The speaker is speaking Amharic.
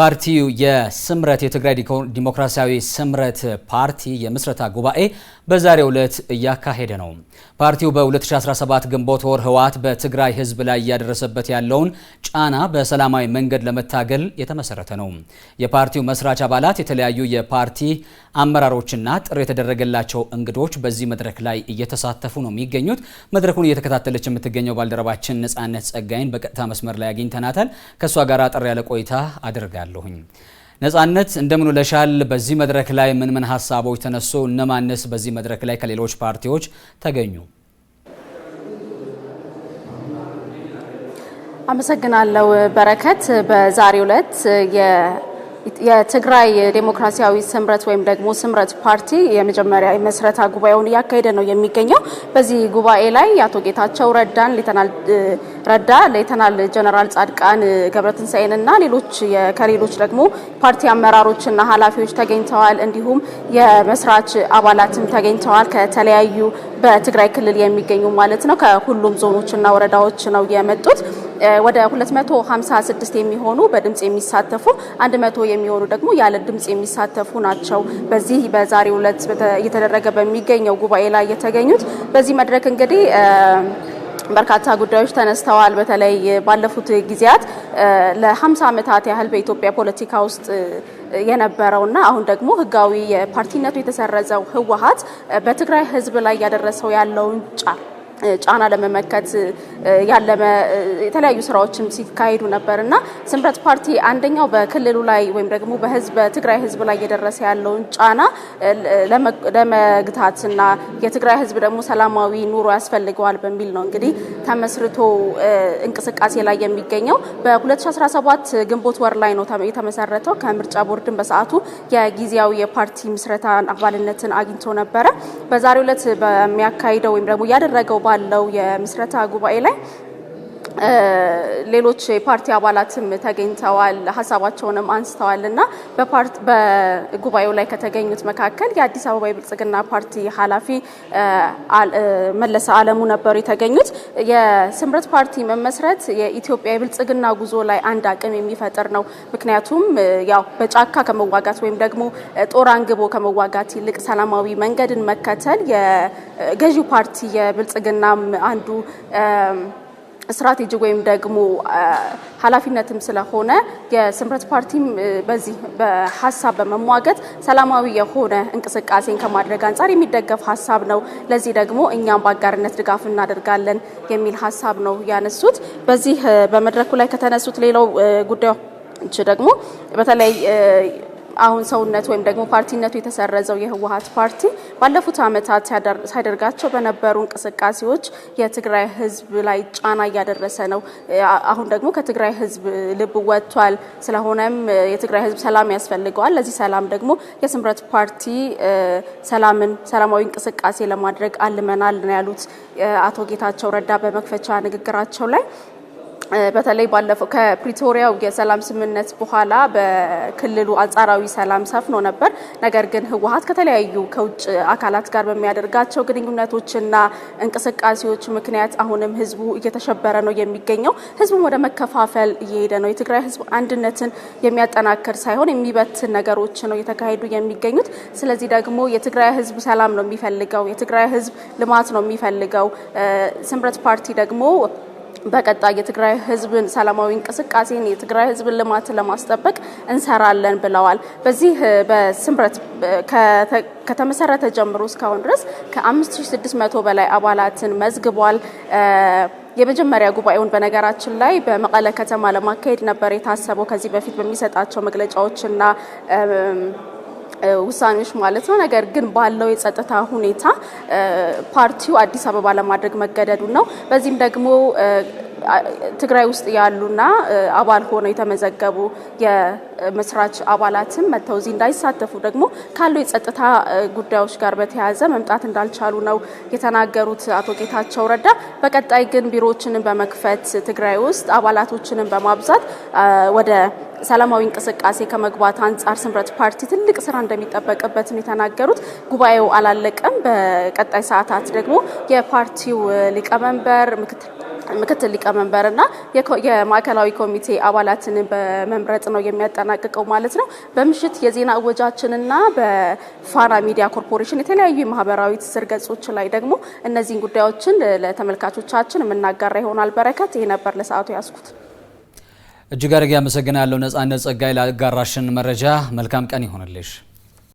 ፓርቲው የስምረት የትግራይ ዲሞክራሲያዊ ስምረት ፓርቲ የምስረታ ጉባኤ በዛሬው ዕለት እያካሄደ ነው። ፓርቲው በ2017 ግንቦት ወር ህወሓት በትግራይ ህዝብ ላይ እያደረሰበት ያለውን ጫና በሰላማዊ መንገድ ለመታገል የተመሰረተ ነው። የፓርቲው መስራች አባላት፣ የተለያዩ የፓርቲ አመራሮችና ጥሪ የተደረገላቸው እንግዶች በዚህ መድረክ ላይ እየተሳተፉ ነው የሚገኙት። መድረኩን እየተከታተለች የምትገኘው ባልደረባችን ነጻነት ጸጋይን በቀጥታ መስመር ላይ አግኝተናታል። ከእሷ ጋር ጥሪ ያለ ቆይታ አድርጋል። አደርጋለሁኝ። ነጻነት እንደምን ለሻል? በዚህ መድረክ ላይ ምን ምን ሀሳቦች ተነሶ እነማንስ በዚህ መድረክ ላይ ከሌሎች ፓርቲዎች ተገኙ? አመሰግናለሁ በረከት። በዛሬው ዕለት የትግራይ ዴሞክራሲያዊ ስምረት ወይም ደግሞ ስምረት ፓርቲ የመጀመሪያ መስረታ ጉባኤውን እያካሄደ ነው የሚገኘው። በዚህ ጉባኤ ላይ የአቶ ጌታቸው ረዳን ረዳ ሌተናል ጀነራል ጻድቃን ገብረትንሳኤንና ሌሎች ከሌሎች ደግሞ ፓርቲ አመራሮችና ኃላፊዎች ተገኝተዋል። እንዲሁም የመስራች አባላትም ተገኝተዋል። ከተለያዩ በትግራይ ክልል የሚገኙ ማለት ነው። ከሁሉም ዞኖችና ወረዳዎች ነው የመጡት። ወደ 256 የሚሆኑ በድምጽ የሚሳተፉ 100 የሚሆኑ ደግሞ ያለ ድምጽ የሚሳተፉ ናቸው። በዚህ በዛሬው ዕለት እየተደረገ በሚገኘው ጉባኤ ላይ የተገኙት በዚህ መድረክ እንግዲህ በርካታ ጉዳዮች ተነስተዋል። በተለይ ባለፉት ጊዜያት ለ50 ዓመታት ያህል በኢትዮጵያ ፖለቲካ ውስጥ የነበረው እና አሁን ደግሞ ህጋዊ የፓርቲነቱ የተሰረዘው ህወሓት በትግራይ ህዝብ ላይ እያደረሰው ያለውን ጫና ጫና ለመመከት ያለመ የተለያዩ ስራዎችም ሲካሄዱ ነበር እና ስምረት ፓርቲ አንደኛው በክልሉ ላይ ወይም ደግሞ በህዝብ በትግራይ ህዝብ ላይ እየደረሰ ያለውን ጫና እና የትግራይ ህዝብ ደግሞ ሰላማዊ ኑሮ ያስፈልገዋል በሚል ነው እንግዲህ ተመስርቶ እንቅስቃሴ ላይ የሚገኘው። በ2017 ግንቦት ወር ላይ ነው የተመሰረተው። ከምርጫ ቦርድን በሰዓቱ የጊዜያዊ የፓርቲ ምስረታ አባልነትን አግኝቶ ነበረ። በዛሬው ዕለት በሚያካሂደው ወይም ደግሞ ያደረገው ባለው የምስረታ ጉባኤ ላይ ሌሎች የፓርቲ አባላትም ተገኝተዋል፣ ሀሳባቸውንም አንስተዋል እና በጉባኤው ላይ ከተገኙት መካከል የአዲስ አበባ የብልጽግና ፓርቲ ኃላፊ መለሰ አለሙ ነበሩ የተገኙት። የስምረት ፓርቲ መመስረት የኢትዮጵያ የብልጽግና ጉዞ ላይ አንድ አቅም የሚፈጥር ነው። ምክንያቱም ያው በጫካ ከመዋጋት ወይም ደግሞ ጦር አንግቦ ከመዋጋት ይልቅ ሰላማዊ መንገድን መከተል የገዢው ፓርቲ የብልጽግናም አንዱ ስትራቴጂክ ወይም ደግሞ ኃላፊነትም ስለሆነ የስምረት ፓርቲም በዚህ በሀሳብ በመሟገት ሰላማዊ የሆነ እንቅስቃሴን ከማድረግ አንጻር የሚደገፍ ሀሳብ ነው። ለዚህ ደግሞ እኛም በአጋርነት ድጋፍ እናደርጋለን የሚል ሀሳብ ነው ያነሱት። በዚህ በመድረኩ ላይ ከተነሱት ሌላው ጉዳዮች ደግሞ በተለይ አሁን ሰውነት ወይም ደግሞ ፓርቲነቱ የተሰረዘው የህወሀት ፓርቲ ባለፉት አመታት ሲያደርጋቸው በነበሩ እንቅስቃሴዎች የትግራይ ህዝብ ላይ ጫና እያደረሰ ነው። አሁን ደግሞ ከትግራይ ህዝብ ልብ ወጥቷል። ስለሆነም የትግራይ ህዝብ ሰላም ያስፈልገዋል። ለዚህ ሰላም ደግሞ የስምረት ፓርቲ ሰላምን ሰላማዊ እንቅስቃሴ ለማድረግ አልመናል ነው ያሉት አቶ ጌታቸው ረዳ በመክፈቻ ንግግራቸው ላይ በተለይ ባለፈው ከፕሪቶሪያው የሰላም ስምምነት በኋላ በክልሉ አንጻራዊ ሰላም ሰፍኖ ነበር። ነገር ግን ህወሓት ከተለያዩ ከውጭ አካላት ጋር በሚያደርጋቸው ግንኙነቶችና እንቅስቃሴዎች ምክንያት አሁንም ህዝቡ እየተሸበረ ነው የሚገኘው። ህዝቡም ወደ መከፋፈል እየሄደ ነው። የትግራይ ህዝብ አንድነትን የሚያጠናክር ሳይሆን የሚበትን ነገሮች ነው እየተካሄዱ የሚገኙት። ስለዚህ ደግሞ የትግራይ ህዝብ ሰላም ነው የሚፈልገው። የትግራይ ህዝብ ልማት ነው የሚፈልገው። ስምረት ፓርቲ ደግሞ በቀጣይ የትግራይ ህዝብን ሰላማዊ እንቅስቃሴን የትግራይ ህዝብን ልማት ለማስጠበቅ እንሰራለን ብለዋል። በዚህ በስምረት ከተመሰረተ ጀምሮ እስካሁን ድረስ ከ5600 በላይ አባላትን መዝግቧል። የመጀመሪያ ጉባኤውን በነገራችን ላይ በመቀለ ከተማ ለማካሄድ ነበር የታሰበው። ከዚህ በፊት በሚሰጣቸው መግለጫዎችና ውሳኔዎች ማለት ነው። ነገር ግን ባለው የጸጥታ ሁኔታ ፓርቲው አዲስ አበባ ለማድረግ መገደዱ ነው። በዚህም ደግሞ ትግራይ ውስጥ ያሉና አባል ሆነው የተመዘገቡ የመስራች አባላትም መጥተው እዚህ እንዳይሳተፉ ደግሞ ካሉ የጸጥታ ጉዳዮች ጋር በተያያዘ መምጣት እንዳልቻሉ ነው የተናገሩት አቶ ጌታቸው ረዳ። በቀጣይ ግን ቢሮዎችንም በመክፈት ትግራይ ውስጥ አባላቶችንን በማብዛት ወደ ሰላማዊ እንቅስቃሴ ከመግባት አንጻር ስምረት ፓርቲ ትልቅ ስራ እንደሚጠበቅበትም የተናገሩት ጉባኤው አላለቀም። በቀጣይ ሰዓታት ደግሞ የፓርቲው ሊቀመንበር ምክትል ምክትል ሊቀመንበርና የማዕከላዊ ኮሚቴ አባላትን በመምረጥ ነው የሚያጠናቅቀው ማለት ነው። በምሽት የዜና እወጃችንና በፋና ሚዲያ ኮርፖሬሽን የተለያዩ የማህበራዊ ትስስር ገጾች ላይ ደግሞ እነዚህን ጉዳዮችን ለተመልካቾቻችን የምናጋራ ይሆናል። በረከት፣ ይህ ነበር ለሰዓቱ ያስኩት። እጅግ አድርጌ አመሰግናለሁ ነጻነት ጸጋይ ላጋራሽን መረጃ። መልካም ቀን ይሆንልሽ።